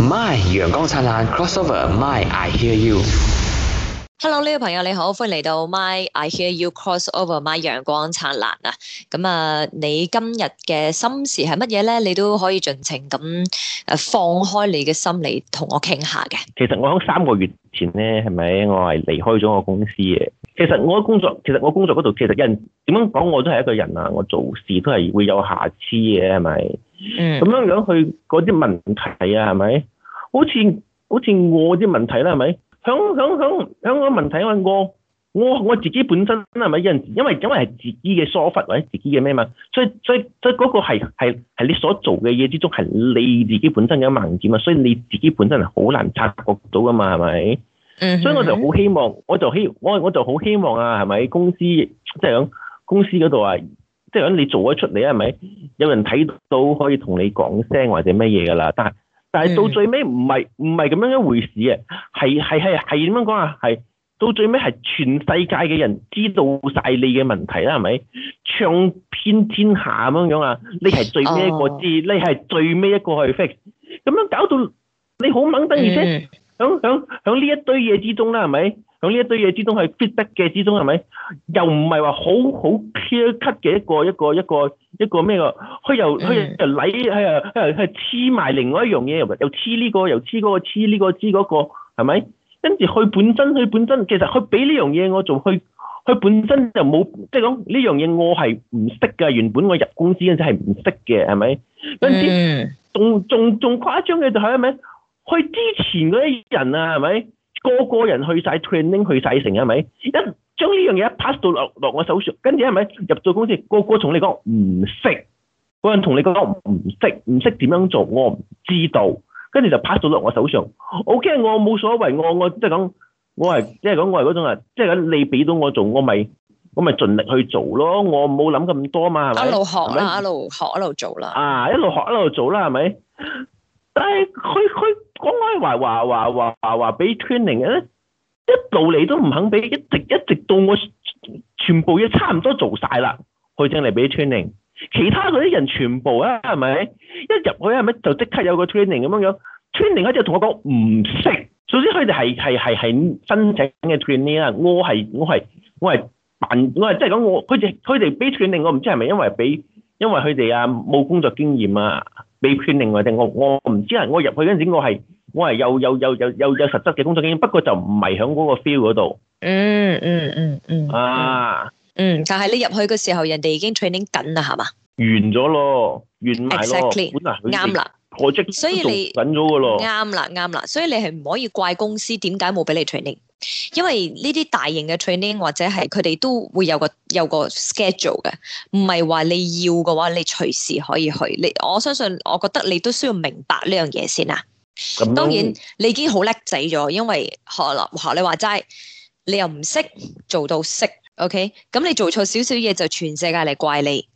My 陽光燦爛，Crossover。Sover, My I hear you。Hello，呢位朋友你好，歡迎嚟到 My I hear you Crossover。My 陽光燦爛啊，咁啊，你今日嘅心事係乜嘢咧？你都可以盡情咁誒，放開你嘅心嚟同我傾下嘅。其實我喺三個月前咧，係咪我係離開咗我公司嘅？其實我嘅工作，其實我工作嗰度，其實有人點樣講，我都係一個人啊。我做事都係會有瑕疵嘅，係咪？嗯，咁樣樣去嗰啲問題啊，係咪？好似好似我啲問題啦，係咪？香香香香港問題，我我我自己本身係咪？因因為因為係自己嘅疏忽或者自己嘅咩嘛，所以所以所以嗰個係係係你所做嘅嘢之中係你自己本身嘅盲點啊，所以你自己本身係好難察覺到噶嘛，係咪？所以我就好希望，我就希我我就好希望啊，係咪？公司即係講公司嗰度啊。即係你做得出嚟你係咪？有人睇到可以同你講聲或者咩嘢噶啦，但係但係到最尾唔係唔係咁樣一回事啊！係係係係點樣講啊？係到最尾係全世界嘅人知道晒你嘅問題啦，係咪？唱遍天下咁樣樣啊！你係最尾一個知，oh. 你係最尾一個去 fix，咁樣搞到你好掹掹，而且響響響呢一堆嘢之中啦，係咪？咁呢一堆嘢之中係 fit 得嘅之中係咪？又唔係話好好 care cut 嘅一個一個一個一個咩佢又佢又禮，係啊係黐埋另外一樣嘢，又黐呢個，又黐嗰個，黐呢個黐嗰個，係咪？跟住佢本身佢本身其實佢俾呢樣嘢我仲去，佢本身就冇即係講呢樣嘢我係唔識㗎。原本我入公司嗰陣時係唔識嘅，係咪？跟住仲仲仲誇張嘅就係咩？去之前嗰啲人啊，係咪？個個人去晒 training，去晒成係咪？一將呢樣嘢 pass 到落落我手上，跟住係咪入到公司個個同你講唔識，個人同你講唔識，唔識點樣做，我唔知道，跟住就 pass 到落我手上。OK，我冇所謂，我我即係講，我係即係講我係嗰種人，即係你俾到我做，我咪我咪盡力去做咯。我冇諗咁多嘛，係咪？一路學啦，一路學，一路做啦。啊，一路學一路做啦，係咪？但係佢佢。講開話話話話話俾 training 咧，一到嚟都唔肯俾，一直一直到我全部嘢差唔多做晒啦，佢正嚟俾 training。其他嗰啲人全部啊，係咪一入去係咪就即刻有個 training 咁樣樣？training 一就同我講唔識。首先佢哋係係係係申請嘅 training 啊，我係我係我係辦，我係即係講我佢哋佢哋俾 training，我唔知係咪因為俾。因為佢哋啊冇工作經驗啊，被聘定外定。我我我唔知啊，我入去嗰陣時我係我係有有有有有有實質嘅工作經驗，不過就唔係響嗰個 feel 嗰度。嗯嗯嗯嗯。啊。嗯，嗯嗯啊、嗯但係你入去嘅時候，人哋已經 training 緊啦，係嘛？完咗咯，完埋咯，啱啦。所以你咗㗎咯，啱啦，啱啦，所以你係唔可以怪公司點解冇俾你 training，因為呢啲大型嘅 training 或者係佢哋都會有個有個 schedule 嘅，唔係話你要嘅話你隨時可以去，你我相信我覺得你都需要明白呢樣嘢先啦。咁當然你已經好叻仔咗，因為學學你話齋，你又唔識做到識，OK？咁你做錯少少嘢就全世界嚟怪你。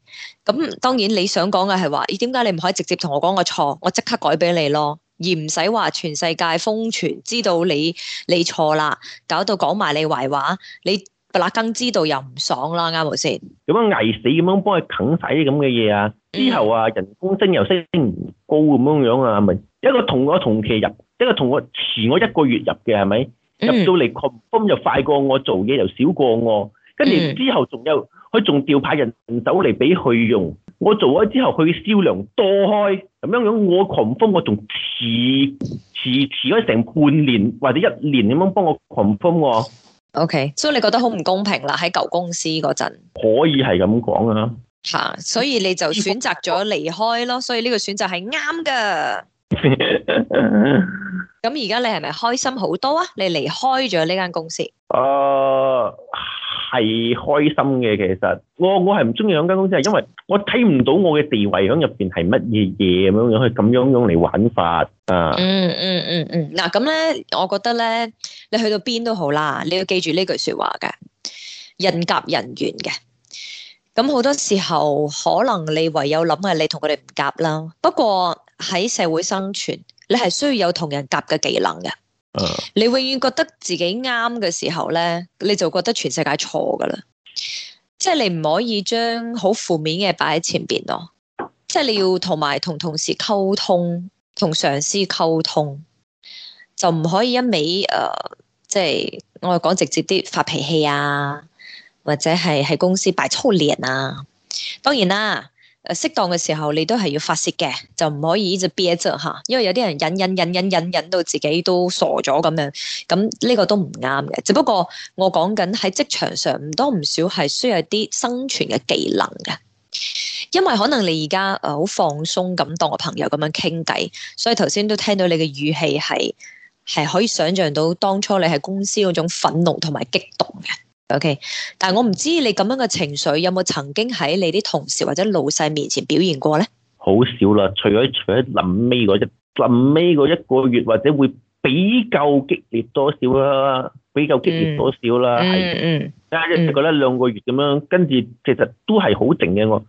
咁當然你想講嘅係話，咦？點解你唔可以直接同我講個錯，我即刻改俾你咯，而唔使話全世界瘋傳知道你你錯啦，搞到講埋你壞話，你嗱更知道又唔爽啦，啱冇先？咁樣捱死咁樣幫佢啃晒啲咁嘅嘢啊！嗯、之後啊，人工升又升唔高咁樣樣啊，係咪一個同我同期入，一個同我遲我一個月入嘅係咪？是不是嗯、入到嚟群工又快過我，做嘢又少過我。跟住、嗯、之後，仲有佢仲調派人手嚟俾佢用。我做咗之後，佢嘅銷量多開咁樣樣，我群風我仲遲遲遲咗成半年或者一年咁樣幫我群風喎。O、okay, K，所以你覺得好唔公平啦？喺舊公司嗰陣可以係咁講啊。嚇！所以你就選擇咗離開咯。所以呢個選擇係啱嘅。咁而家你係咪開心好多啊？你離開咗呢間公司。啊！Uh, 係開心嘅，其實我我係唔中意兩間公司，係因為我睇唔到我嘅地位響入邊係乜嘢嘢，咁樣樣去咁樣樣嚟玩法啊。嗯嗯嗯嗯，嗱咁咧，我覺得咧，你去到邊都好啦，你要記住呢句說話嘅人夾人緣嘅。咁好多時候可能你唯有諗係你同佢哋唔夾啦。不過喺社會生存，你係需要有同人夾嘅技能嘅。你永遠覺得自己啱嘅時候呢，你就覺得全世界錯噶啦，即係你唔可以將好負面嘅擺喺前邊咯，即係你要同埋同同事溝通，同上司溝通，就唔可以一味誒，即係我講直接啲發脾氣啊，或者係喺公司擺粗臉啊，當然啦。誒，適當嘅時候你都係要發洩嘅，就唔可以一直憋咗吓，因為有啲人忍忍忍忍忍忍忍到自己都傻咗咁樣，咁呢個都唔啱嘅。只不過我講緊喺職場上唔多唔少係需要啲生存嘅技能嘅，因為可能你而家誒好放鬆咁當我朋友咁樣傾偈，所以頭先都聽到你嘅語氣係係可以想象到當初你喺公司嗰種憤怒同埋激動嘅。O.K.，但係我唔知你咁樣嘅情緒有冇曾經喺你啲同事或者老細面前表現過咧？好少啦，除咗除咗臨尾嗰隻，臨尾嗰一個月或者會比較激烈多少啦，比較激烈多少啦，係、嗯，但係一直覺得兩個月咁樣，嗯、跟住其實都係好靜嘅我，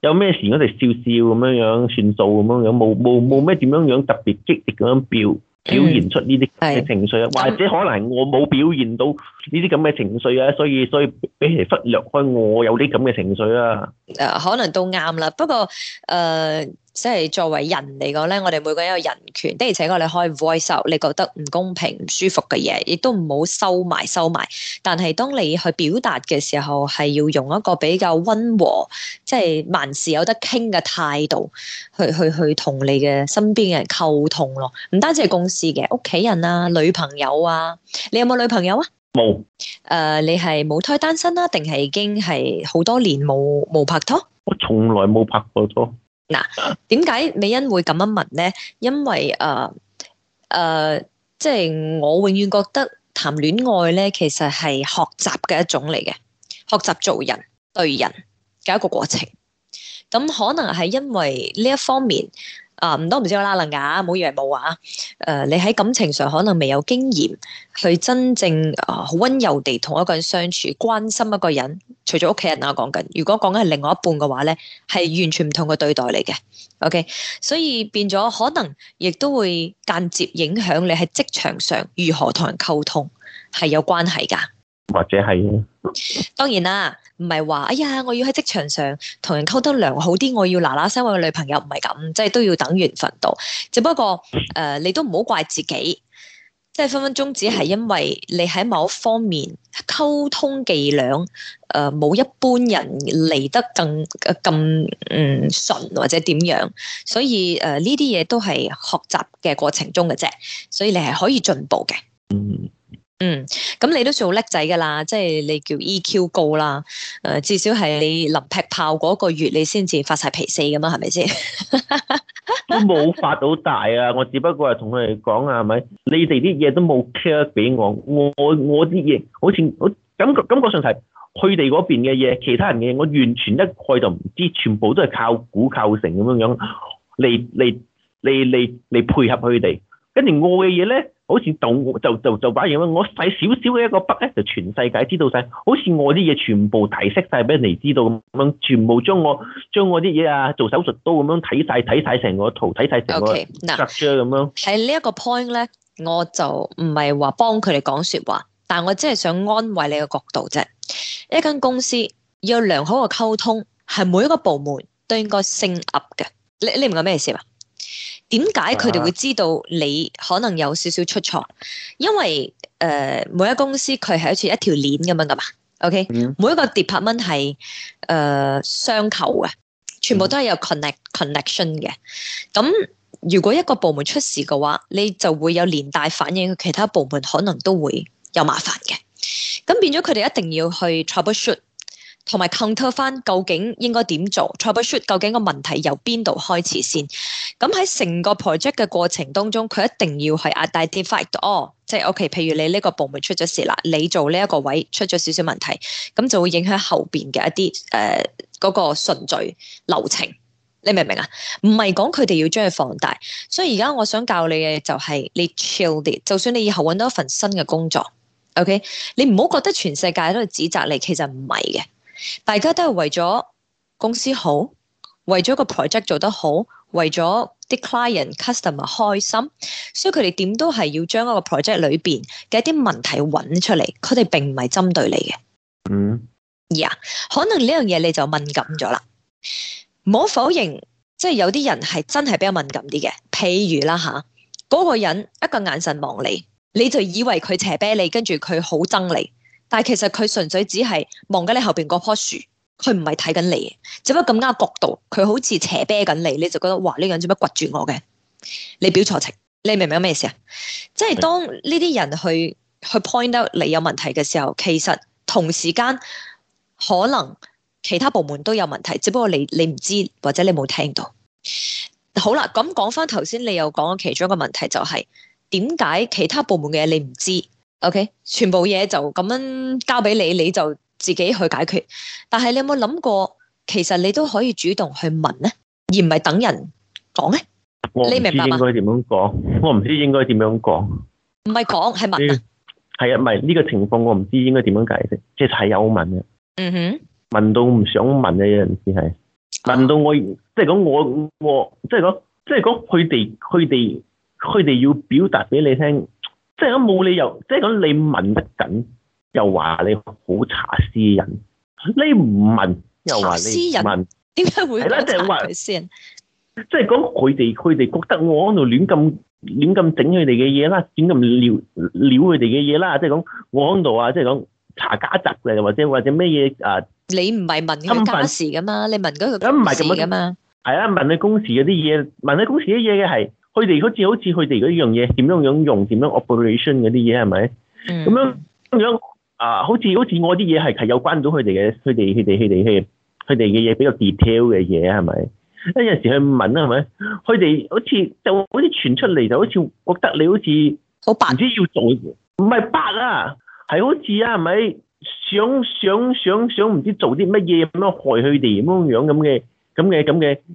有咩事我就笑笑咁樣樣，算數咁樣樣，冇冇冇咩點樣樣特別激烈咁表表現出呢啲嘅情緒啊，嗯、或者可能我冇表現到呢啲咁嘅情緒啊，所以所以俾人忽略開我有啲咁嘅情緒啦。誒，可能都啱啦，不過誒。呃即係作為人嚟講咧，我哋每個人有人權的，而且我哋可以 voice out，你覺得唔公平、唔舒服嘅嘢，亦都唔好收埋收埋。但係當你去表達嘅時候，係要用一個比較溫和，即係萬事有得傾嘅態度去去去同你嘅身邊嘅人溝通咯。唔單止係公司嘅屋企人啊，女朋友啊，你有冇女朋友啊？冇沒。誒，uh, 你係冇太單身啦，定係已經係好多年冇冇拍拖？我從來冇拍過拖。嗱，點解美欣會咁樣問呢？因為誒誒，即、呃、係、呃即係，我永遠覺得談戀愛咧，其實係學習嘅一種嚟嘅，學習做人對人嘅一個過程。咁可能係因為呢一方面。啊，唔多唔少啦，楞噶，唔好以為冇話。誒，你喺感情上可能未有經驗去真正啊好温柔地同一個人相處，關心一個人。除咗屋企人啊講緊，如果講緊係另外一半嘅話咧，係完全唔同嘅對待嚟嘅。OK，所以變咗可能亦都會間接影響你喺職場上如何同人溝通係有關係㗎。或者係當然啦。唔係話，哎呀，我要喺職場上同人溝得良好啲，我要嗱嗱聲揾個女朋友，唔係咁，即係都要等緣分到。只不過，誒、mm. 呃，你都唔好怪自己，即係分分鐘只係因為你喺某一方面溝通伎倆，誒、呃，冇一般人嚟得更咁嗯順或者點樣，所以誒呢啲嘢都係學習嘅過程中嘅啫，所以你係可以進步嘅。嗯、mm。Hmm. 嗯，咁你都算叻仔噶啦，即係你叫 EQ 高啦，誒，至少係你臨劈炮嗰個月你，你先至發晒脾氣噶嘛，係咪先？都冇發到大啊！我只不過係同佢哋講啊，係咪？你哋啲嘢都冇 care 俾我，我我啲嘢，好似我感覺感覺上係佢哋嗰邊嘅嘢，其他人嘅嘢，我完全一概就唔知，全部都係靠估構成咁樣樣，嚟嚟嚟嚟嚟配合佢哋，跟住我嘅嘢咧。好似動就就就把樣啦，我使少少嘅一個筆咧，就全世界知道晒，好似我啲嘢全部提升晒俾人哋知道咁樣，全部將我將我啲嘢啊做手術刀咁樣睇晒睇晒成個圖，睇晒成個側像咁樣。喺呢一個 point 咧，我就唔係話幫佢哋講說話，但係我真係想安慰你嘅角度啫。一間公司要良好嘅溝通，係每一個部門都應該升壓嘅。你你明我咩意思嘛？點解佢哋會知道你可能有少少出錯？因為、呃、每一個公司佢係好似一條鏈咁樣噶嘛。OK，、mm hmm. 每一個 d 拍蚊係相嘅，全部都係有 connect connection 嘅。咁如果一個部門出事嘅話，你就會有連帶反應，其他部門可能都會有麻煩嘅。咁變咗佢哋一定要去 troubleshoot，同埋 control 翻究竟應該點做？troubleshoot 究竟個問題由邊度開始先？咁喺成個 project 嘅過程當中，佢一定要係 identify all 即係 OK。譬如你呢個部門出咗事啦，你做呢一個位出咗少少問題，咁就會影響後邊嘅一啲誒嗰個順序流程。你明唔明啊？唔係講佢哋要將佢放大，所以而家我想教你嘅就係你 child it。就算你以後揾到一份新嘅工作，OK，你唔好覺得全世界都係指責你，其實唔係嘅，大家都係為咗公司好。為咗個 project 做得好，為咗啲 client、customer 開心，所以佢哋點都係要將一個 project 裏邊嘅一啲問題揾出嚟。佢哋並唔係針對你嘅。嗯，yeah，可能呢樣嘢你就敏感咗啦。唔好否認，即係有啲人係真係比較敏感啲嘅。譬如啦吓，嗰個人一個眼神望你，你就以為佢斜啤你，跟住佢好憎你，但係其實佢純粹只係望緊你後邊嗰棵樹。佢唔係睇緊你，只不過咁啱角度，佢好似斜啤緊你，你就覺得哇，呢樣做咩掘住我嘅？你表錯情，你明唔明咩意思啊？即係當呢啲人去去 point out 你有問題嘅時候，其實同時間可能其他部門都有問題，只不過你你唔知或者你冇聽到。好啦，咁講翻頭先，你又講咗其中一個問題，就係點解其他部門嘅嘢你唔知？OK，全部嘢就咁樣交俾你，你就。自己去解決，但係你有冇諗過，其實你都可以主動去問咧，而唔係等人講咧。應該點樣講，你明白嗎？我唔知應該點樣講，我唔知應該點樣講，唔係講係問。係啊，唔係呢個情況，我唔知應該點樣解釋，即係係有問嘅。嗯哼、mm，hmm. 問到唔想問嘅有陣時係問到我，即係講我即係講，即係講佢哋佢哋佢哋要表達俾你聽，即係講冇理由，即係講你問得緊。又話你好查私人，你唔問又話你私人問，點解、啊、會係啦？即係話先，即係講佢哋，佢哋覺得我喺度亂咁亂咁整佢哋嘅嘢啦，亂咁撩撩佢哋嘅嘢啦，即係講我喺度啊，即係講查家宅嘅，或者或者咩嘢啊？你唔係問個家事噶嘛，分嘛？你問嗰個咁唔係咁嘅嘛？係、嗯、啊，問你公事嗰啲嘢，問你公事啲嘢嘅係，佢哋好似好似佢哋嗰啲樣嘢，點樣樣用，點樣 operation 嗰啲嘢係咪？咁樣咁樣。嗯啊，好似好似我啲嘢係係有關到佢哋嘅，佢哋佢哋佢哋佢佢哋嘅嘢比較 detail 嘅嘢係咪？一陣時去問啦，係咪？佢哋好似就好似傳出嚟就好似覺得你好似唔知要做，唔係白啊，係好似啊，係咪想想想想唔知做啲乜嘢咁樣害佢哋咁樣樣咁嘅咁嘅咁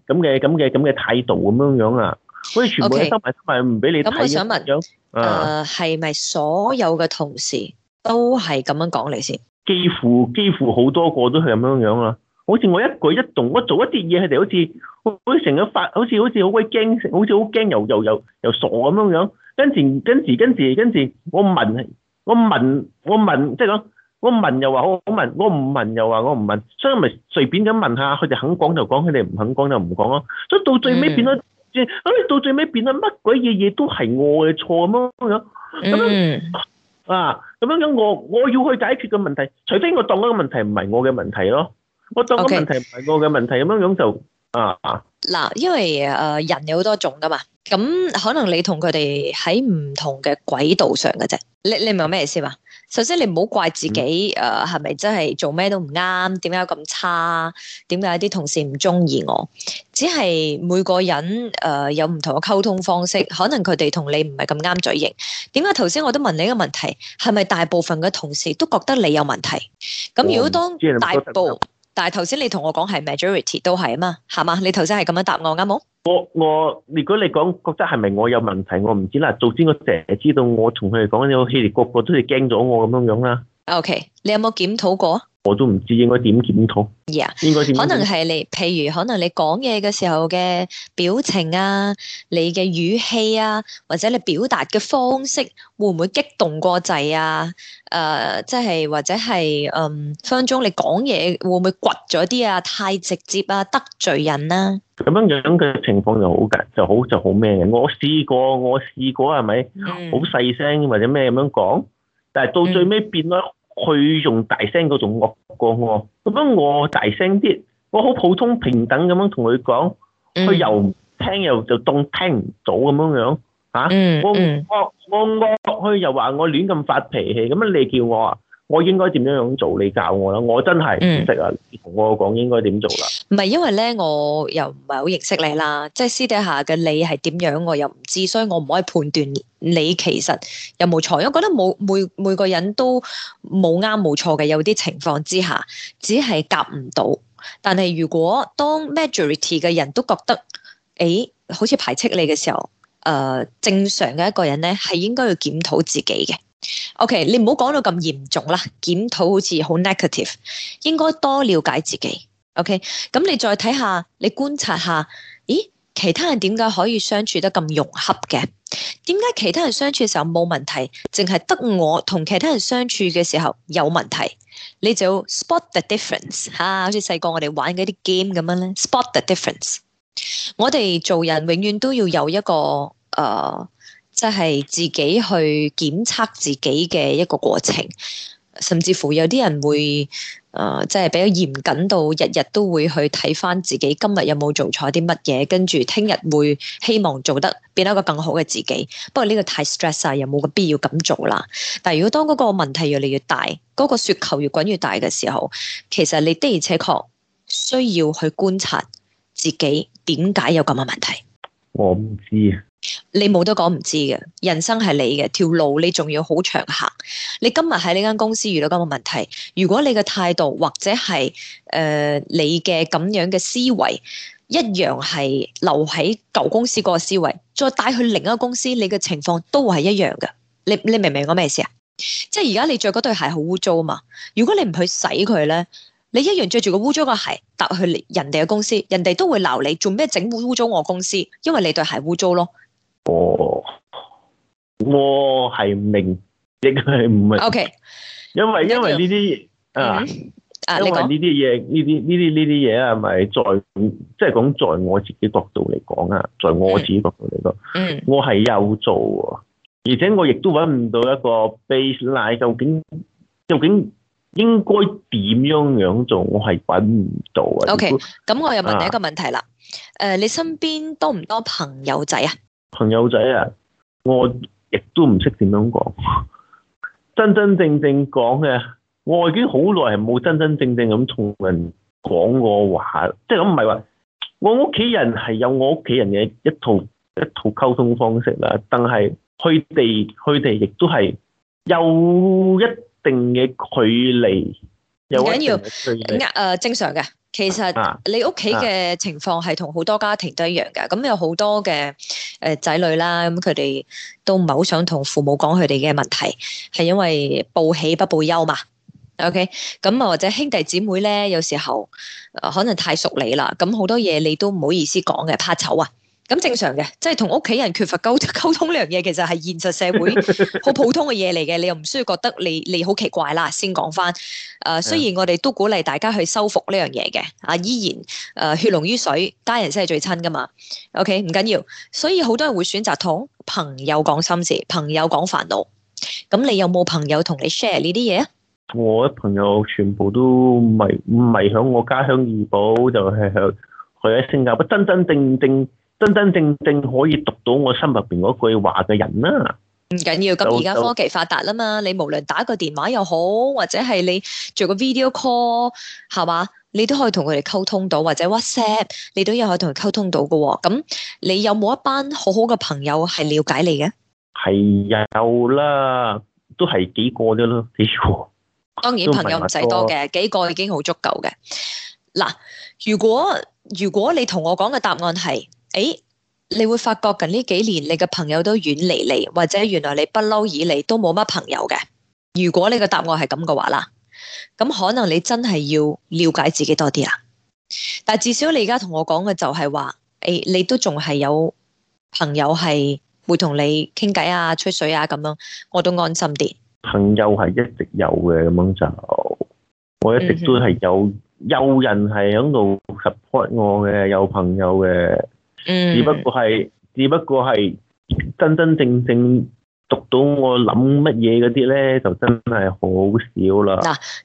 嘅咁嘅咁嘅態度咁樣樣啊？好似全部收埋收埋唔俾你睇咁，我想問，誒係咪所有嘅同事？都係咁樣講嚟先幾，幾乎幾乎好多個都係咁樣樣啦。好似我一舉一動，我做一啲嘢，佢哋好似好成日發，好似好似好鬼驚，好似好驚，又又又又傻咁樣樣。跟住跟住跟住跟住，我問，我問，我問，即係講，我問，就是、又話好，我問，我唔問又話我唔問，所以咪隨便咁問下，佢哋肯講就講，佢哋唔肯講就唔講咯。所以到最尾變咗，即、mm. 到最尾變咗乜鬼嘢嘢都係我嘅錯咁樣樣，咁、mm. 樣。Mm. 啊，咁樣樣我我要去解決嘅問題，除非我當嗰個問題唔係我嘅問題咯，我當個問題唔係我嘅問題，咁樣 Okay. 樣就啊，嗱，因為誒人有好多種噶嘛，咁可能你同佢哋喺唔同嘅軌道上嘅啫，你你明咩意思嘛？首先，你唔好怪自己是不是不，誒係咪真係做咩都唔啱？點解咁差？點解啲同事唔中意我？只係每個人誒有唔同嘅溝通方式，可能佢哋同你唔係咁啱嘴型。點解？頭先我都問你一個問題，係咪大部分嘅同事都覺得你有問題？咁如果當大部但是先你同我講係 majority 都係啊嘛，係嘛？你頭先係噉樣答我啱冇？我我如果你講覺得係咪我有問題，我唔知啦。做先我成日知道我跟他們說，個我同佢哋講，有佢哋個個都係驚咗我咁樣樣啦。OK，你有冇檢討過？我都唔知道應該點檢討。Yeah, 應該可能係你，譬如可能你講嘢嘅時候嘅表情啊，你嘅語氣啊，或者你表達嘅方式會唔會激動過滯啊？誒、呃，即、就、係、是、或者係嗯，分鐘你講嘢會唔會倔咗啲啊？太直接啊，得罪人啊。咁樣樣嘅情況就好噶，就好就好咩嘅？我試過，我試過係咪好細聲或者咩咁樣講？但係到最尾、mm. 變咗。佢用大聲過仲惡過我，咁樣我大聲啲，我好普通平等咁樣同佢講，佢又聽又就當聽唔到咁樣樣，嚇、啊？我我我惡落去又話我亂咁發脾氣，咁你叫我啊？我應該點樣做？你教我啦！我真係唔識啊，同、嗯、我講應該點做啦。唔係因為咧，我又唔係好認識你啦，即係私底下嘅你係點樣，我又唔知，所以我唔可以判斷你其實有冇錯。我覺得冇每每個人都冇啱冇錯嘅，有啲情況之下只係夾唔到。但係如果當 majority 嘅人都覺得，哎、欸，好似排斥你嘅時候，誒、呃，正常嘅一個人咧，係應該要檢討自己嘅。OK，你唔好講到咁嚴重啦，檢討好似好 negative，應該多了解自己。OK，咁你再睇下，你觀察下，咦，其他人點解可以相處得咁融洽嘅？點解其他人相處嘅時候冇問題，淨係得我同其他人相處嘅時候有問題？你就 spot the、啊、spot the difference 吓，好似細個我哋玩嗰啲 game 咁樣咧，spot the difference。我哋做人永遠都要有一個誒。呃即係自己去檢測自己嘅一個過程，甚至乎有啲人會誒、即、呃、係、就是、比較嚴謹到日日都會去睇翻自己今日有冇做錯啲乜嘢，跟住聽日會希望做得變得一個更好嘅自己。不過呢個太 stress 啊，又冇個必要咁做啦。但係如果當嗰個問題越嚟越大，嗰、那個雪球越滾越大嘅時候，其實你的而且確需要去觀察自己點解有咁嘅問題。我唔知。你冇得講唔知嘅，人生係你嘅條路，你仲要好長行。你今日喺呢間公司遇到咁嘅問題，如果你嘅態度或者係誒、呃、你嘅咁樣嘅思維，一樣係留喺舊公司嗰個思維，再帶去另一間公司，你嘅情況都係一樣嘅。你你明唔明我咩意思啊？即係而家你着嗰對鞋好污糟啊嘛，如果你唔去洗佢咧，你一樣着住個污糟嘅鞋搭去人哋嘅公司，人哋都會鬧你做咩整污污糟我公司，因為你對鞋污糟咯。哦、我我係明亦係唔明。O Okay , K，因為因為呢啲啊，因為呢啲嘢，呢啲呢啲呢啲嘢啊，係咪你說 在即係講在我自己角度嚟講啊，在我自己角度嚟講，mm hmm. 我係有做，而且我亦都搵唔到一個 basis，究竟究竟應該點樣樣做，我係搵唔到啊。O K，咁我又問你一個問題啦，誒、啊，你身邊多唔多朋友仔啊？朋友仔啊，我亦都唔識點樣講。真真正正講嘅，我已經好耐係冇真真正正咁同人講過話。即係咁，唔係話我屋企人係有我屋企人嘅一套一套溝通方式啦，但係佢哋佢哋亦都係有一定嘅距離。唔緊要，呃，正常嘅。其實你屋企嘅情況係同好多家庭都一樣嘅。咁有好多嘅誒仔女啦，咁佢哋都唔係好想同父母講佢哋嘅問題，係因為報喜不報憂嘛。OK，咁啊或者兄弟姊妹咧，有時候可能太熟你啦，咁好多嘢你都唔好意思講嘅，怕醜啊。咁正常嘅，即係同屋企人缺乏溝溝通呢樣嘢，其實係現實社會好普通嘅嘢嚟嘅。 你又唔需要覺得你你好奇怪啦，先講翻。誒、呃，雖然我哋都鼓勵大家去修復呢樣嘢嘅，啊，依然誒、呃、血濃於水，家人先係最親噶嘛。OK，唔緊要，所以好多人會選擇同朋友講心事，朋友講煩惱。咁你有冇朋友同你 share 呢啲嘢啊？我嘅朋友全部都唔係唔係響我家鄉怡保，就係響佢喺新加坡真真正正，正。真真正正可以讀到我心入邊嗰句話嘅人啦、啊，唔緊要。咁而家科技發達啦嘛，就你無論打個電話又好，或者係你做個 video call，係嘛，你都可以同佢哋溝通到，或者 WhatsApp，你都有可以同佢溝通到嘅。咁你有冇一班好好嘅朋友係了解你嘅？係有啦，都係幾個啫咯，幾個。當然朋友唔使多嘅，幾個已經好足夠嘅。嗱，如果如果你同我講嘅答案係。誒、哎，你會發覺近呢幾年你嘅朋友都遠離你，或者原來你不嬲以嚟都冇乜朋友嘅。如果你嘅答案係咁嘅話啦，咁可能你真係要了解自己多啲啦。但至少你而家同我講嘅就係話，誒、哎，你都仲係有朋友係會同你傾偈啊、吹水啊咁樣，我都安心啲。朋友係一直有嘅，咁樣就我一直都係有有人係喺度 support 我嘅，有朋友嘅。嗯、只不過係，只不過係真真正正讀到我諗乜嘢嗰啲咧，就真係好少啦。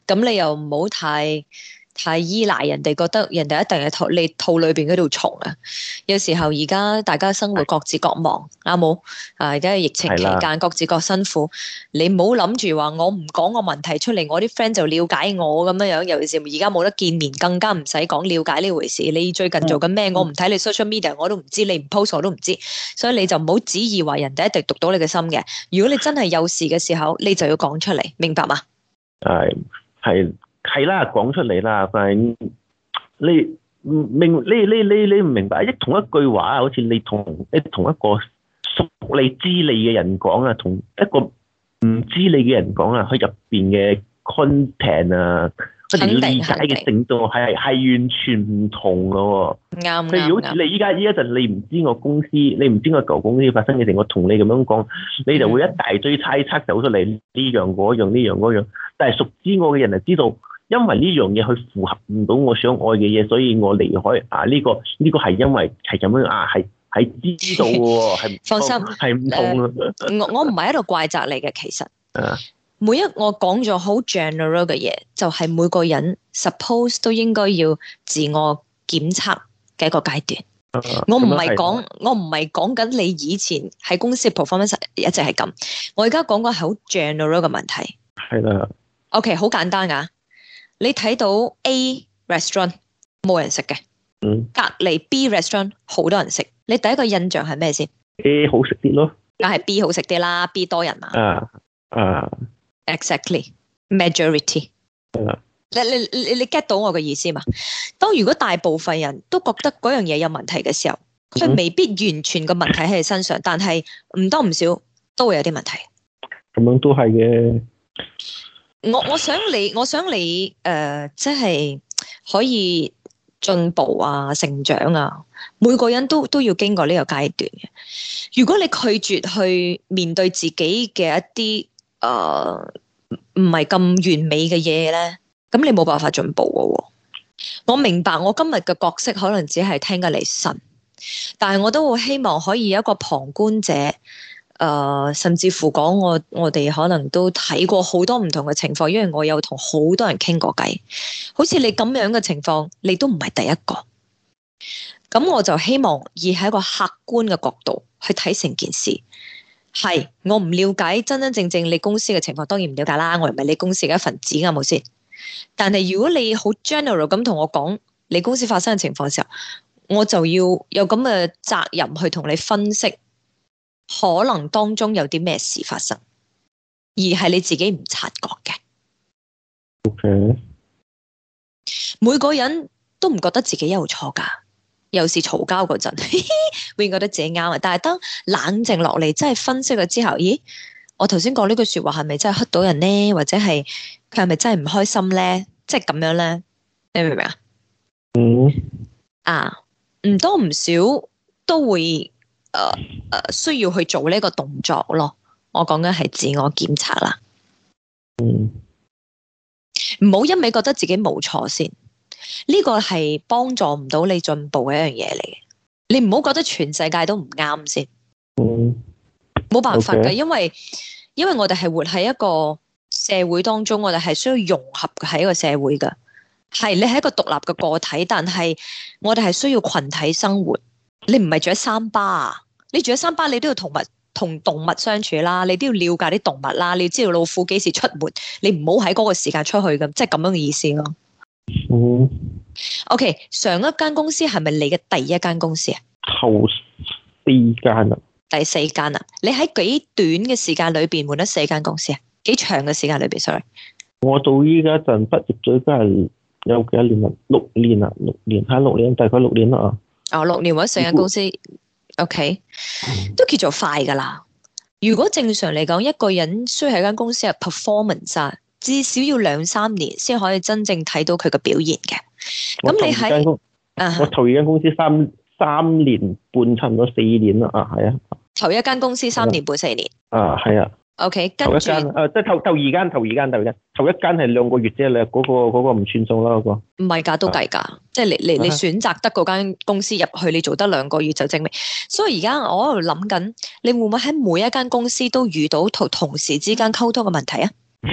嗱，咁你又唔好太太依賴人哋，覺得人哋一定係套你肚裏邊嗰條蟲啊！有時候而家大家生活各自各忙，啱冇？啊，而家疫情期間各自各辛苦，的你唔好諗住話我唔講個問題出嚟，我啲 friend 就了解我咁樣樣。尤其是而家冇得見面，更加唔使講了解呢回事。你最近做緊咩？嗯？我唔睇你 social media，我都唔知你唔 post 我都唔知。所以你就唔好指以為人哋一定讀到你嘅心嘅。如果你真係有事嘅時候，你就要講出嚟，明白嘛？係係。係啦，講出嚟啦，但係你唔明？你你你你唔明白？一同一句話好似你同一同一個熟你知你嘅人講啊，同一個唔知你嘅人講啊，佢入邊嘅 content 啊定，佢理解嘅程度係係定完全唔同咯喎。啱，譬如好似你依家依家就你唔知我公司，你唔知我舊公司發生嘅事，我同你咁樣講，你就會一大堆猜測走出嚟，呢樣嗰樣，呢樣嗰樣，樣。但係熟知我嘅人就知道。因為呢樣嘢佢符合唔到我想愛嘅嘢，所以我離開啊呢、個呢、個係因為係咁樣啊，係係知道喎，係 放心，係唔痛，呃、 我唔係喺度怪責你嘅。其實，每一我講咗好 general 嘅嘢，就係、是、每個人 suppose 都應該要自我檢測嘅一個階段。我唔係講我唔係講緊你以前喺公司嘅 performance 一直係咁，我而家講個係好 general 嘅問題。係啦的，OK，好簡單噶。你睇到 A restaurant 冇人食嘅，隔籬、嗯、B restaurant 好多人食。你第一個印象係咩先？A 好食啲咯，梗係 B 好食啲啦，B 多人嘛。啊啊，exactly majority。啊、你你你 get 到我嘅意思嘛？當如果大部分人都覺得嗰樣嘢有問題嘅時候，佢未必完全個問題喺你身上，嗯、但係唔多唔少都會有啲問題。咁樣都係嘅。我我想你，我想你誒，即、呃、係、就是、可以進步啊，成長啊，每個人都都要經過呢個階段嘅。如果你拒絕去面對自己嘅一啲誒唔係咁完美嘅嘢咧，咁你冇辦法進步嘅、啊。我明白，我今日嘅角色可能只係聽緊你呻，但係我都會希望可以有一個旁觀者。誒、呃，甚至乎講我我哋可能都睇過好多唔同嘅情況，因為我有同好多人傾過偈。好似你咁樣嘅情況，你都唔係第一個。咁我就希望以喺一個客觀嘅角度去睇成件事。係，我唔了解真真正正你公司嘅情況，當然唔了解啦。我又唔係你公司嘅一份子，係咪先？但係如果你好 general 咁同我講你公司發生嘅情況嘅時候，我就要有咁嘅責任去同你分析。可能當中有啲咩事發生，而係你自己唔察覺嘅。O Okay . K，每個人都唔覺得自己有錯噶，又是嘈交嗰陣會覺得自己啱啊！但係當冷靜落嚟，真係分析咗之後，咦？我頭先講呢句說話係咪真係嚇到人呢？或者係佢係咪真係唔開心呢？即係咁樣呢，你明唔明啊、mm hmm. 啊？嗯啊，唔多唔少都會。誒誒、呃，需要去做呢個動作咯。我講緊係自我檢查啦。嗯，唔好一味覺得自己冇錯先，呢、呢個係幫助唔到你進步嘅一樣嘢嚟嘅。你唔好覺得全世界都唔啱先。嗯、冇辦法嘅 okay.，因為因為我哋係活喺一個社會當中，我哋係需要融合喺一個社會嘅。係，你係一個獨立嘅個體，但係我哋係需要群體生活。你唔係住喺三巴，你住喺三巴，你都要同物同動物相處啦，你都要了解啲動物啦，你要知道老虎幾時出門，你唔好喺嗰個時間出去咁，即係咁樣嘅意思咯。嗯。OK，上一間公司係咪你嘅第一間公司啊？頭四間啊。第四間啊？你喺幾短嘅時間裏邊換咗四間公司啊？幾長嘅時間裏邊？sorry。我到依家陣畢業咗，都係有幾多年啦，六年啊，六年，差六年，大概六年啦。哦，六年或者四間公司、嗯、，OK，都叫做快噶啦。如果正常嚟講，一個人需要喺間公司入 performance 至少要兩三年先可以真正睇到佢嘅表現嘅。咁你喺我頭二間、啊、間公司三三年半，差唔多四年啦。啊，係啊，頭一間公司三年半、啊、四年。啊，係啊。O Okay , K，跟住著誒，即係頭頭二間，頭二間，頭一，頭一間係兩個月啫，你個嗰個唔算數啦，嗰個。唔係噶，都計噶，即係你你你選擇得嗰間公司入去，你做得兩個月就證明。所以而家我喺度諗緊，你會唔會喺每一間公司都遇到同同事之間溝通嘅問題啊？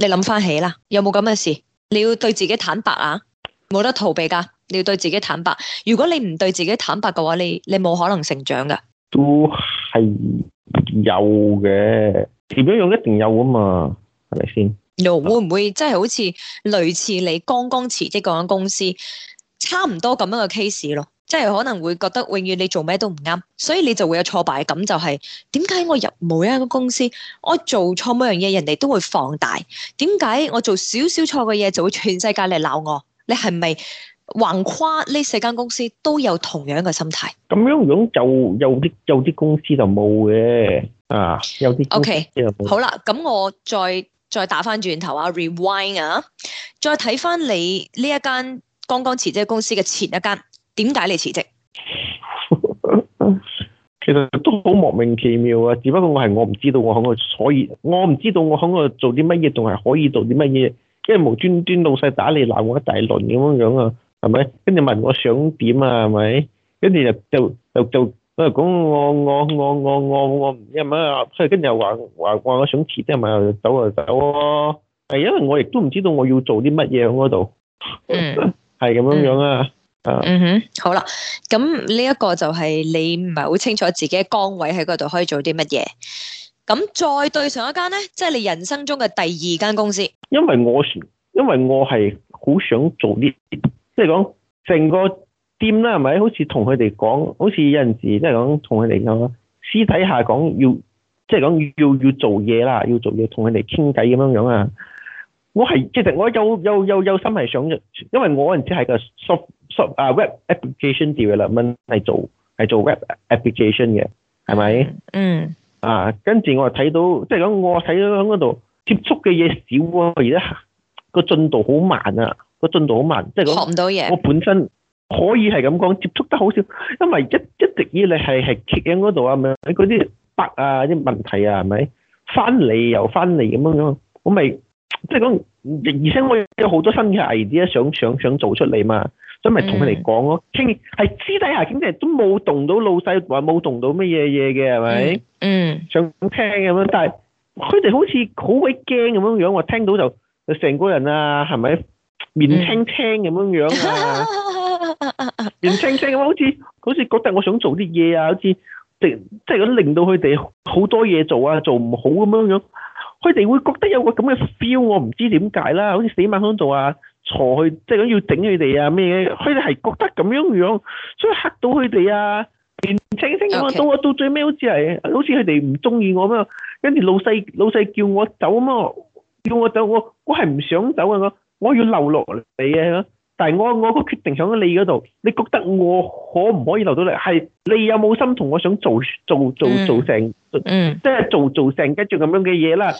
你諗翻起啦，有冇咁嘅事？你要對自己坦白啊，冇得逃避噶，你要對自己坦白。如果你唔對自己坦白嘅話，你你冇可能成長噶。都係有嘅，點樣樣一定有啊嘛，係咪先？又、no, 會唔會即係好似類似你剛剛辭職嗰間公司，差唔多咁樣嘅 case 咯？即係可能會覺得永遠你做咩都唔啱，所以你就會有挫敗感。就係點解我入每一間公司，我做錯每樣嘢，人哋都會放大。點解我做少少錯嘅嘢，就會全世界嚟鬧我？你係咪？橫跨呢四間公司都有同樣嘅心態，咁樣樣就有啲有啲公司就冇嘅啊，有啲 OK 好啦，咁我再再打翻轉頭啊，rewind 啊，再睇翻你呢一間剛剛辭職嘅公司嘅前一間，點解你辭職？ 其實都好莫名其妙啊，只不過我係我唔知道我可唔可以，所以我唔知道我可唔可以做啲乜嘢，仲係可以做啲乜嘢，因為無端端老細打你鬧我一大輪咁樣樣啊～係咪？跟住問我想點啊？係咪？跟住就就就就，我講我我我我我我唔知係咪啊，跟住又話話話我想辭，係咪又走又走咯。係因為我亦都唔知道我要做啲乜嘢喺嗰度，係咁樣樣啊。嗯哼，好啦，咁呢一個就係你唔係好清楚自己嘅崗位喺嗰度可以做啲乜嘢。咁再對上一間咧，即係你人生中嘅第二間公司。因為我，因為我係好想做啲。即係講成個店啦，係咪？好似同佢哋講，好似有陣時即係講同佢哋講私底下講要，即係講要要做嘢啦，要做嘢同佢哋傾偈咁樣樣啊！我係其實我有有有有心係想，因為我嗰陣時係個 soft soft 啊 web application developer 啦，咁係做係做 web application 嘅，係咪？嗯。啊，跟住我就睇到，即係講我睇到響嗰度接觸嘅嘢少啊，而家個進度好慢啊！個進度好慢，即係講學唔到嘢。我本身可以係咁講，接觸得好少，因為一一直以嚟係係黐喺嗰度啊，咪嗰啲白啊啲問題啊，係咪翻嚟又翻嚟咁樣樣，我咪即係講，而且我有好多新嘅 idea 啊，想想想做出嚟嘛，所以咪同佢哋講咯，傾係、嗯、私底下傾嘅，都冇動到老細，話冇動到乜嘢嘢嘅，係咪、嗯？嗯，想聽咁樣，但係佢哋好似好鬼驚咁樣樣喎，我聽到就成個人啊，係咪？年、嗯、青青咁樣 面青青樣啊，面青青咁好似好似覺得我想做啲嘢啊，好似即即係令到佢哋好多嘢做啊，做唔好咁樣樣，佢哋會覺得有個咁嘅 feel，我唔知點解啦，好似死馬想做啊，挫去即係、就是、要整佢哋啊咩？佢哋係覺得咁樣樣，所以嚇到佢哋啊，年青青咁啊 Okay.，到到最尾好似係好似佢哋唔中意我啊，跟住老細老細叫我走啊嘛，我叫我走我我係唔想走啊我要留落嚟嘅，但係我我個決定喺你嗰度，你覺得我可唔可以留到你？係你有冇心同我想做做做做，做成？即係做做，做成跟住咁樣嘅嘢啦。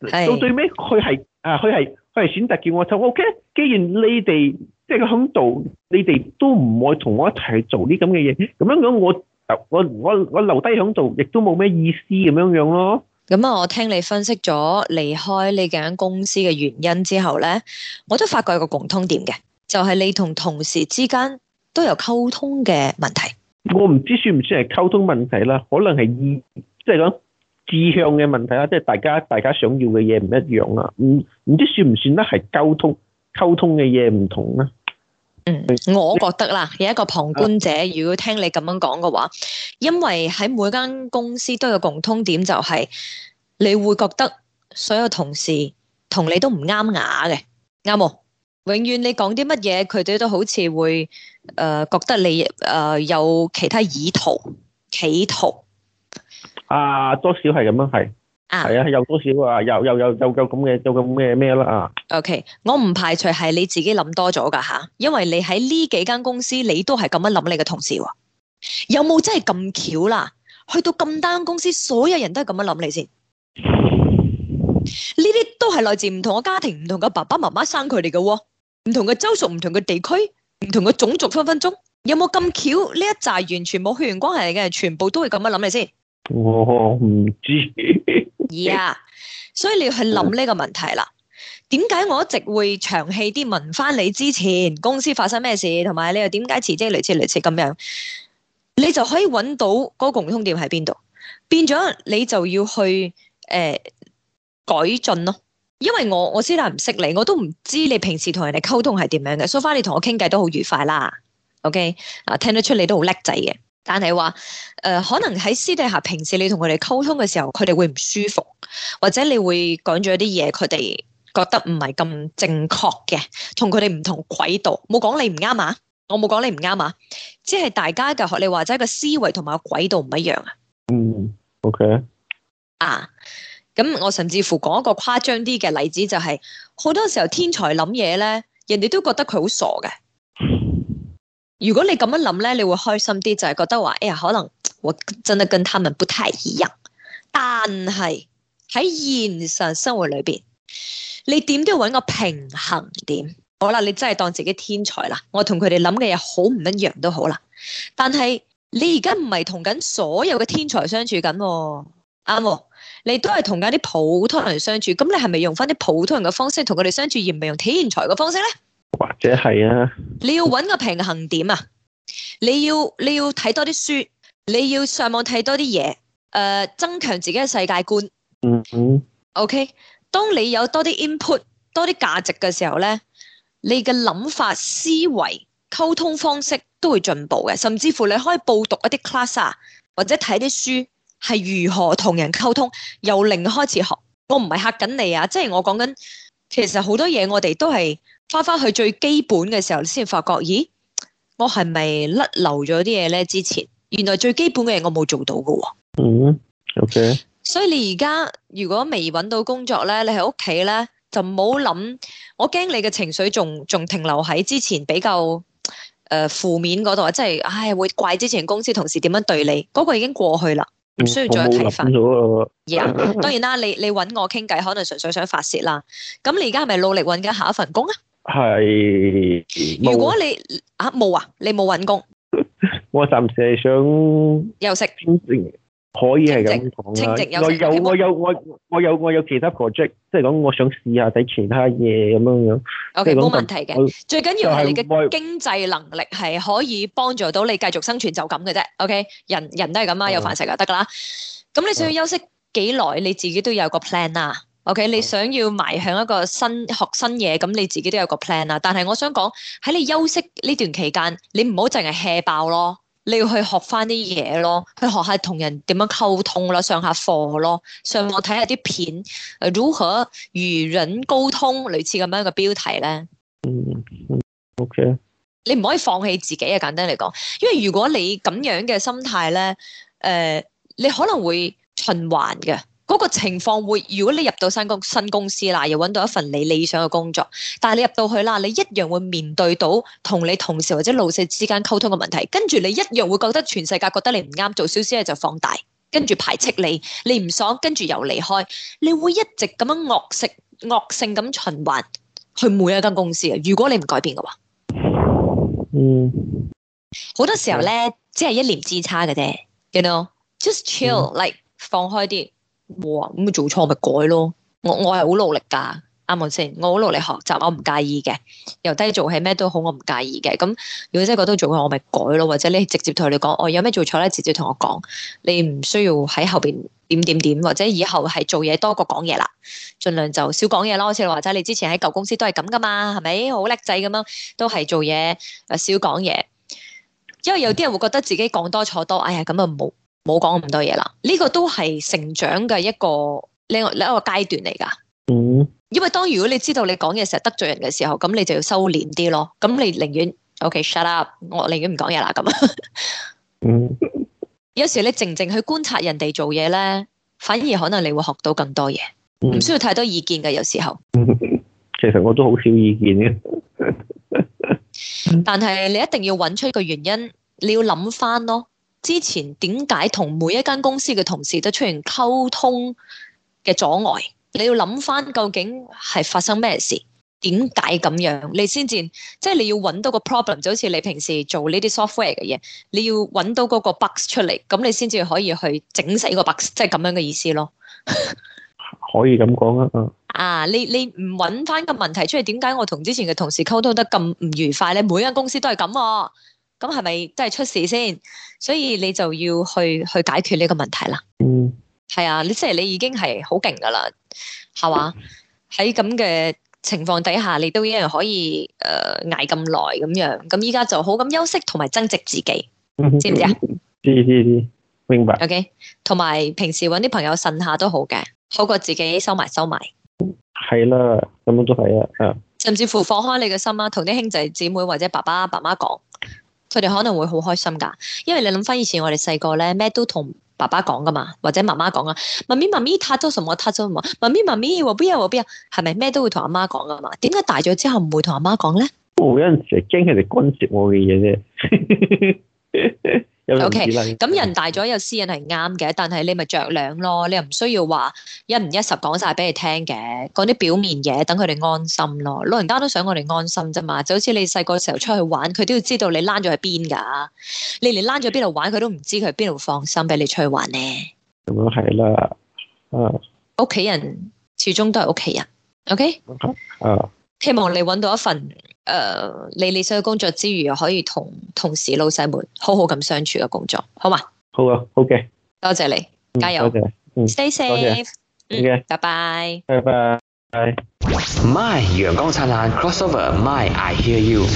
Mm hmm. 到最尾佢係啊，佢係佢係選擇叫我走。O、okay, K，既然你哋即係響度，你哋都唔愛同我一齊做啲咁嘅嘢，咁樣樣我我我我留低響度亦都冇咩意思咁樣樣咯。咁啊，我聽你分析咗離開呢間公司嘅原因之後咧，我都發覺有一個共通點嘅，就係你同同事之間都有溝通嘅問題。我唔知算唔算係溝通問題啦，可能係意，即係講志向嘅問題啦，即係大家大家想要嘅嘢唔一樣啦，唔唔知算唔算得係溝通溝通嘅嘢唔同啦。嗯，我覺得啦，有一個旁觀者，啊、如果聽你咁樣講嘅話，因為喺每間公司都有共通點，就係你會覺得所有同事同你都唔啱牙嘅，啱冇？永遠你講啲乜嘢，佢哋都好似會誒、呃、覺得你誒有其他意圖企圖。啊，多少係咁樣係。係啊，有多少啊？又又有，有咁嘅，有咁咩咩啦啊？OK，我唔排除係你自己諗多咗噶吓，因為你喺呢幾間公司，你都係咁樣諗你嘅同事喎。有冇真係咁巧啦？去到咁單公司，所有人都係咁樣諗你先？呢啲都係來自唔同嘅家庭、唔同嘅爸爸媽媽生佢哋嘅，唔同嘅州屬、唔同嘅地區、唔同嘅種族，分分鐘有冇咁巧？呢一扎完全冇血緣關係嘅全部都會咁樣諗你先？我唔知，而啊，所以你要去諗呢個問題啦。點解我一直會詳細啲問翻你之前公司發生咩事，同埋你又點解辭職，類似類似咁樣？你就可以揾到嗰個共通點喺邊度，變咗你就要去誒、呃、改進咯。因為我我先係唔識你，我都唔知你平時同人哋溝通係點樣嘅。所以花，你同我傾偈都好愉快啦。OK，啊，聽得出你都好叻仔嘅。但係話誒，可能喺私底下平時你同佢哋溝通嘅時候，佢哋會唔舒服，或者你會講咗啲嘢，佢哋覺得唔係咁正確嘅，同佢哋唔同軌道。冇講你唔啱啊，我冇講你唔啱啊，即係大家嘅你話齋個思維同埋個軌道唔一樣啊。嗯，OK 啊。咁我甚至乎講一個誇張啲嘅例子，就係好多時候天才諗嘢咧，人哋都覺得佢好傻嘅。如果你咁樣諗咧，你會開心啲，就係、是、覺得話，哎呀，可能我真係跟他們不太一樣。但係喺現實生活裏邊，你點都要搵個平衡點。好啦，你真係當自己天才啦，我同佢哋諗嘅嘢，好唔一樣都好啦。但係你而家唔係同緊所有嘅天才相處緊，啊，啱喎，哦。你都係同緊啲普通人相處，咁你係咪用翻啲普通人嘅方式同佢哋相處，而唔係用天才嘅方式咧？或者係啊，你要揾個平衡點啊！你要你要睇多啲書，你要上網睇多啲嘢，誒、呃，增強自己嘅世界觀。嗯嗯。O、okay? K，當你有多啲 input、多啲價值嘅時候呢，你嘅諗法、思維、溝通方式都會進步嘅。甚至乎你可以報讀一啲 class 啊，或者睇啲書，係如何同人溝通，由零開始學。我唔係吓緊你啊，即、就、係、是、我講緊，其實好多嘢我哋都係。翻翻去最基本嘅時候，你先發覺，咦，我係咪甩漏咗啲嘢咧？之前原來最基本嘅嘢我冇做到嘅喎、哦。嗯，OK。所以你而家如果未揾到工作咧，你喺屋企咧就唔好諗。我驚你嘅情緒仲仲停留喺之前比較誒、呃、負面嗰度啊，即、就、係、是、唉會怪之前公司同事點樣對你嗰、那個已經過去啦，唔需要再提翻。我 yeah, 當然啦，你你揾我傾偈，可能純粹想發泄啦。咁你而家係咪努力揾緊下一份工啊？係，冇如果，你啊冇啊，你冇揾工我暫時係想休息，休息可以係咁講啦。我有我有我我有我有其他 project，即係講我想試下睇其他嘢，咁樣樣。O K，冇問題嘅。我最緊要係你嘅經濟能力係可以幫助到你繼續生存就咁嘅啫。O、okay？K，人人都係咁啊，嗯、有飯食就得噶啦。咁你想要休息幾耐？嗯、你自己都有個 plan 啊。OK，你想要埋向一個新學新嘢，咁你自己都有個 plan 啦。但係我想講喺你休息呢段期間，你唔好淨係 hea 爆咯，你要去學翻啲嘢咯，去學下同人點樣溝通啦，上下課咯，上網睇下啲片，誒如何與人溝通類似咁樣嘅標題咧。嗯，OK。你唔可以放棄自己啊！簡單嚟講，因為如果你咁樣嘅心態咧，誒、呃，你可能會循環嘅。嗰個情況會，如果你入到新公新公司啦，又揾到一份你理想嘅工作，但係你入到去啦，你一樣會面對到同你同事或者老細之間溝通嘅問題，跟住你一樣會覺得全世界覺得你唔啱做小事咧，就放大跟住排斥你，你唔爽跟住又離開，你會一直咁樣惡性惡性咁循環去每一間公司嘅。如果你唔改變嘅話，嗯，好多時候咧，只係一念之差嘅啫，You know，just chill，like、mm. 放開啲。哇，咁做錯咪改咯，我我係好努力噶，啱唔啱先？我好努力學習，我唔介意嘅，由低做起咩都好，我唔介意嘅。咁如果真係覺得做嘅，我咪改咯，或者你直接同佢哋講，我、哦、有咩做錯咧，直接同我講，你唔需要喺後邊點點點，或者以後係做嘢多過講嘢啦，盡量就少講嘢咯。好似或者你之前喺舊公司都係咁噶嘛，係咪好叻仔咁樣都係做嘢啊，少講嘢，因為有啲人會覺得自己講多錯多，哎呀咁啊，冇。這樣冇講咁多嘢啦，呢、這個都係成長嘅一個另外一個階段嚟噶。嗯，因為當如果你知道你講嘢成日得罪人嘅時候，咁你就要收斂啲咯。咁你寧願 OK shut up，我寧願唔講嘢啦。咁， 嗯，有時你靜靜去觀察人哋做嘢咧，反而可能你會學到更多嘢，唔、嗯、需要太多意見嘅。有時候，嗯、其實我都好少意見嘅， 但係你一定要揾出一個原因，你要諗翻咯。之前點解同每一間公司嘅同事都出現溝通嘅阻礙？你要諗翻究竟係發生咩事？點解咁樣？你先至即係你要揾到個 problem，就好似你平時做呢啲 software 嘅嘢，你要揾到嗰個 bug 出嚟，咁你先至可以去整死個 bug，即係咁樣嘅意思咯。 可以咁講啦，啊，你你唔揾翻個問題出嚟，點解我同之前嘅同事溝通得咁唔愉快咧？每間公司都係咁啊。咁係咪真係出事先？所以你就要去去解決呢個問題啦。嗯，係啊，你即係你已經係好勁噶啦，係嘛？喺咁嘅情況底下，你都依然可以誒挨咁耐咁樣。咁依家就好咁休息，同埋增值自己，嗯、知唔知啊？知知知，明白。OK，同埋平時揾啲朋友呻下都好嘅，好過自己收埋收埋。係啦，咁樣都係啊。嗯、甚至乎放開你嘅心啦，同啲兄弟姊妹或者爸爸、爸媽講。佢哋可能會好開心㗎，因為你諗翻以前我哋細個咧，咩都同爸爸講噶嘛，或者媽媽講啊，咪咪咪咪，撻咗乜嘢，撻咗乜嘢，咪咪咪咪，邊啊邊啊，係咪咩都會同阿媽講㗎嘛？點解大咗之後唔會同阿媽講咧？我有陣時係驚佢哋干涉我嘅嘢啫。O.K. 咁人大咗有私隱係啱嘅，但係你咪着量咯，你又唔需要話一五一十講晒俾你聽嘅，講啲表面嘢等佢哋安心咯。老人家都想我哋安心啫嘛，就好似你細個時候出去玩，佢都要知道你躝咗喺邊㗎，你連躝咗邊度玩佢都唔知，佢邊度放心俾你出去玩呢？咁樣係啦，嗯、嗯、屋企人始終都係屋企人，O.K.、嗯嗯、希望你揾到一份。誒、呃，你你想工作之餘可以同同事老細們好好咁相處嘅工作，好嘛？好啊，好、okay、嘅，多謝你，加油、嗯 okay，嗯、Stay safe，拜拜，拜拜，拜。My 陽光燦爛，Crossover，My I hear you。